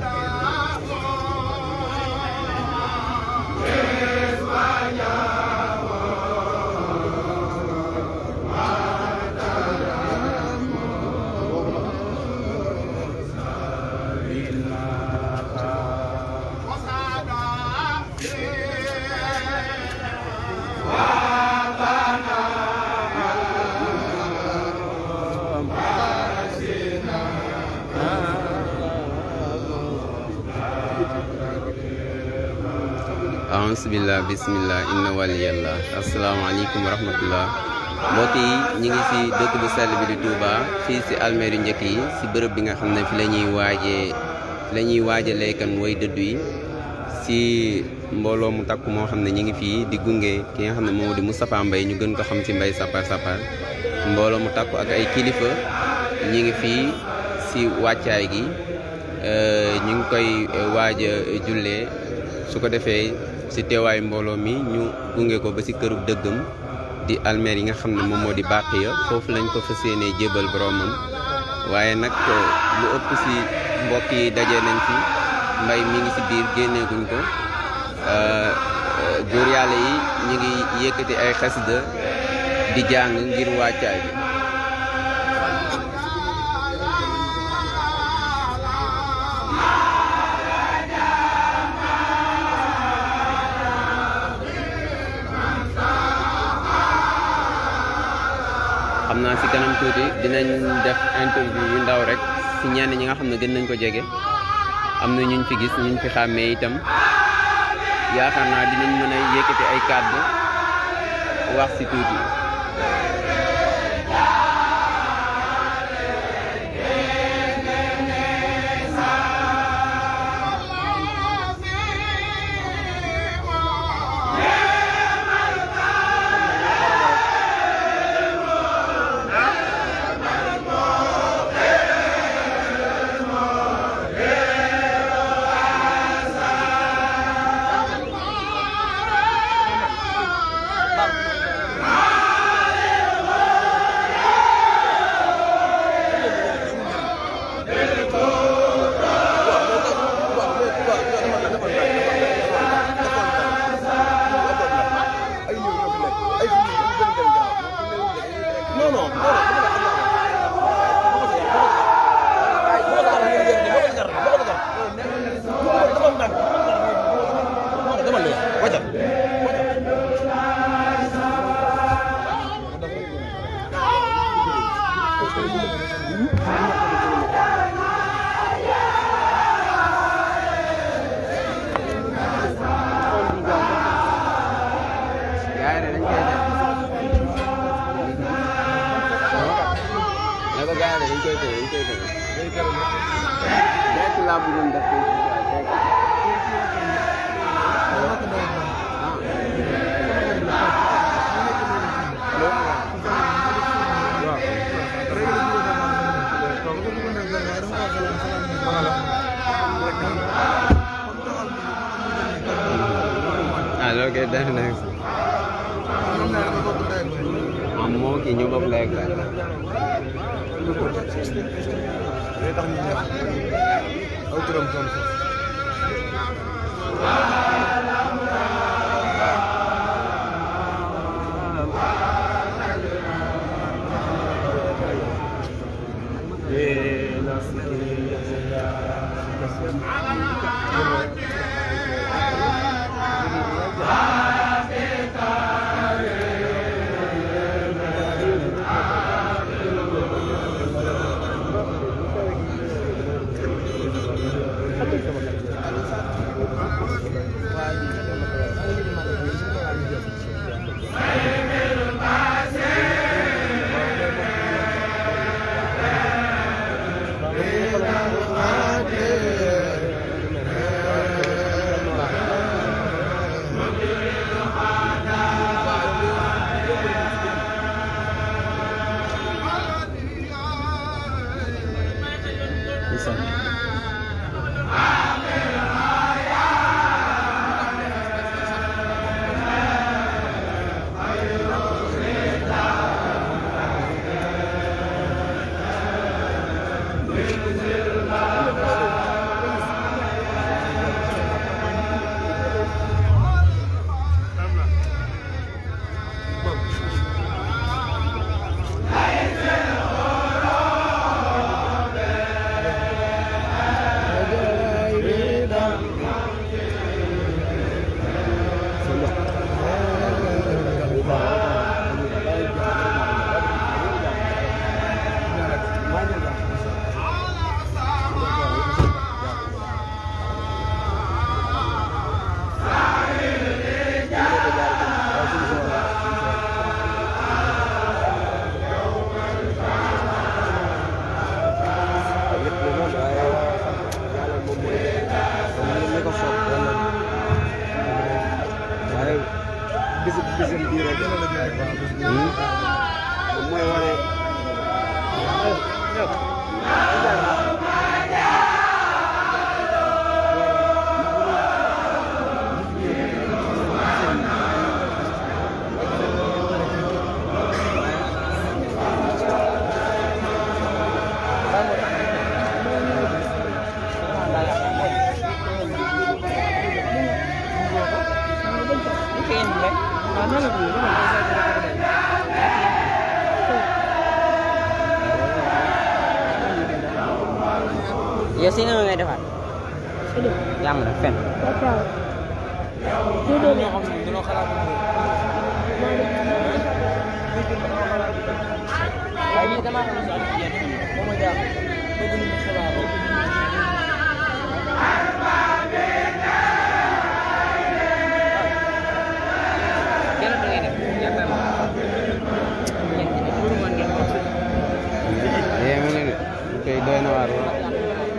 Tata. Alhamdulillah, bismillah inna waliyallah asalaamaaleykum warahmatullah. Moti, mbokk ngi si dëkk bu sell bi di Touba fi si Almeri njëkk yi si bërëb bi nga xamne fi lañuy ñuy lañuy kan dëddu yi si mbolo mu takku mo xamne ñi digunge, ngi fi di gungé ki nga xamne ne Mustapha di Mbaye ñu gën ko xam ci Mbaye Sapa Sapa mbolo mu takku ak ay kilifa ñi ngi fi si waccay gi euh, ñi ngi koy euh, waaj julé su si teewaayu mbooloo mi ñu gunge ko ba ci kërub dëggam di almeer yi nga xam ne moom moo di Baqiya foofu lañ ko fas yéenee jébal boromam waaye nag euh, lu ëpp si mbokk yi daje nañ fi mbay mi ngi ci biir génneeguñ ko euh, góor yàlla yi ñu ngi yëkkati ay xasida di jàng ngir wàccaay bi kanam tuuti dinañ def interview yu ndaw rek si ñenn ñi nga xam ne gën nañ ko jege am na ñu ñuñ fi gis ñuñ fi xàmmee itam yaakaar naa dinañ mën a yëkkati ay kàddu wax si tuuti. I look at that next I'm walking you look like that bisim bisim yow si ngay defaat. yaa ngi fen. doy na waar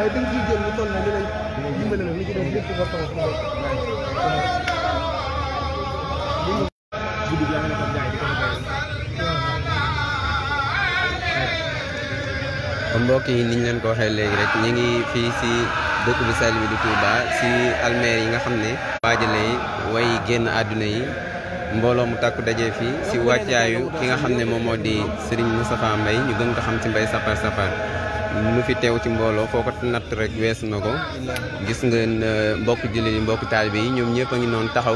waaye bi nga si bopp. mbokk yi ko waxee rek si bi di Touba si almeer yi nga xam ne waajale way génn àdduna yi mbooloo mu si wàccaayu ki nga xam ne moom moo di Serigne Moustapha Mbaye ñu gën ko lu fi teew ci mbooloo foo ko natt rek weesu na ko gis ngeen euh, mbokk jullit yi mbokk taalibe yi ñoom ñëpp a ngi noonu taxaw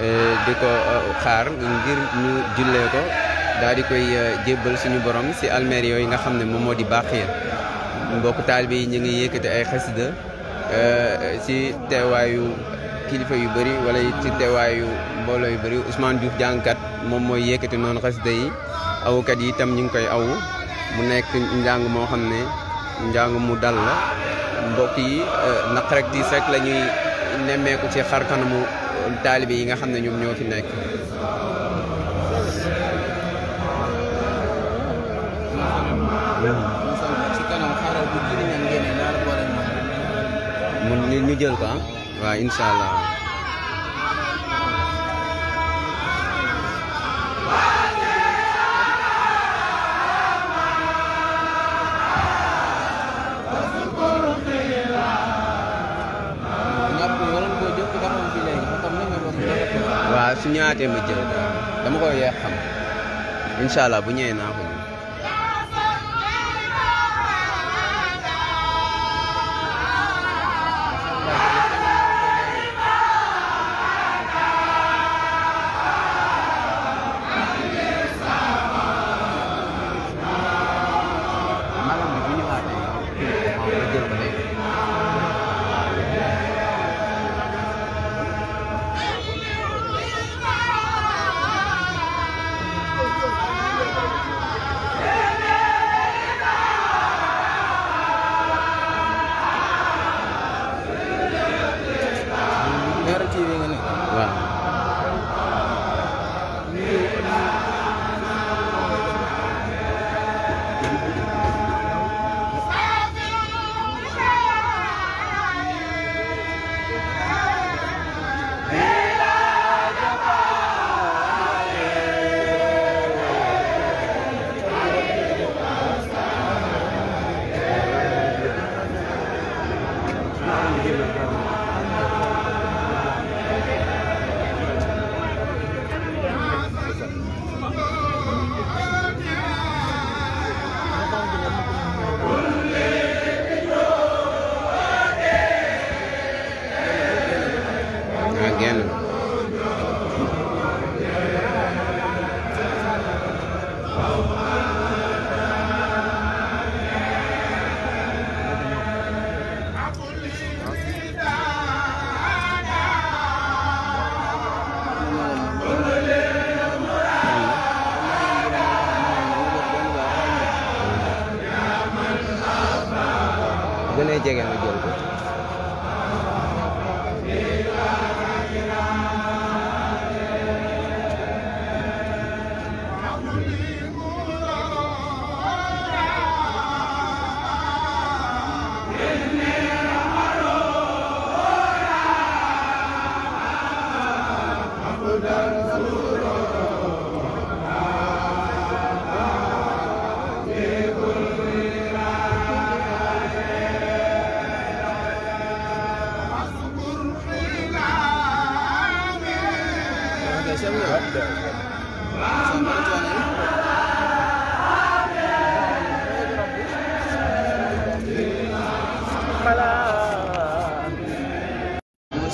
euh, di ko euh, xaar ngir ñu jullee ko daal di koy jébbal suñu borom si almeer yooyu nga xam ne moom moo di bàqiya mbokk taalibe yi ñu ngi yëkkati ay xasida si teewaayu kilifa yu bëri walla ci teewaayu mbooloo yu bari Ousmane Diouf jàngkat moom mooy yëkkati noonu xasida yi awukat yi itam ñu ngi koy awu mu nekk njàng moo xam ne njàng mu dal la mbokk yi euh, naq rek diis rek la ñuy nemmeeku ci xar kanamu taalibe yi nga xam ne ñoom ñoo fi nekk. mu ñu jël ko ah. waaw incha allah. ñëwaatee ma jëlee dama koy yeex xam bu ñëwee naa ko ñu. malam bi bu ñëwaatee ma jël ko jege ma jël ko.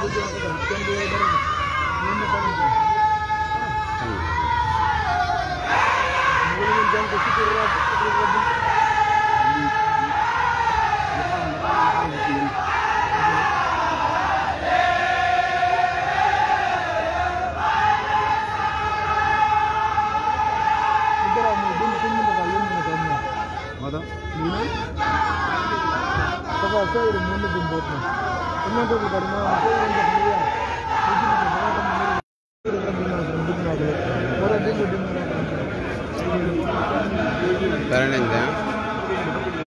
Tafasayir mı bunu bunu bare nañ de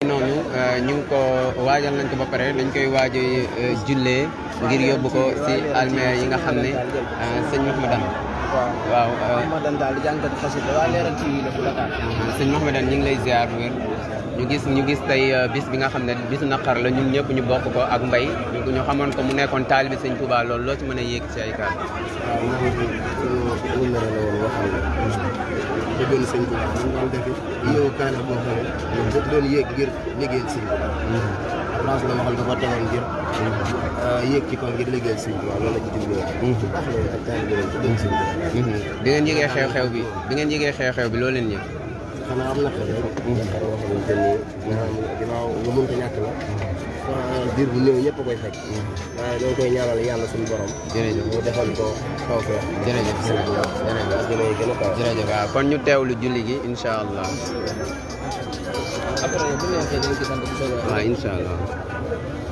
noonu euh, ñu ngi ko waajal nañ ko ba pare dañ koy waaj euh, jullee ngir yóbbu ko ci almeer yi nga xam ne euh, sëñ Mahmadan waaw Mahmadan daal lay ziar wér ñu gis ñu gis tey bis bi nga xam ne bisu naqar la ñun ñëpp ñu bokk ko ak mbay ñu xamoon ko mu nekkoon taal bi sëñ Touba loolu loo ci mën a yéeg ci ay kàddu. waaw xam ne daf doon yéeg ngir liggéeyal si Touba. France la waxal dafa tegoon ngir yéeg ci kaw ngir liggéeyal sëñ Touba loolu la ci dimbali. ak taalibi lañ ci dégg bi ngeen yëgee xew-xew bi bi ngeen yëgee xew-xew bi loo leen yëg. xanaa am naqar lu biir bu néew ñëpp a koy fekk. waaye doo koy ñaanal yàlla suñu borom. jërëjëf mu defal ko kaw feex. jërëjëf sëñ bi jërëjëf jërëjëf gën julli gi incha allah. après allah.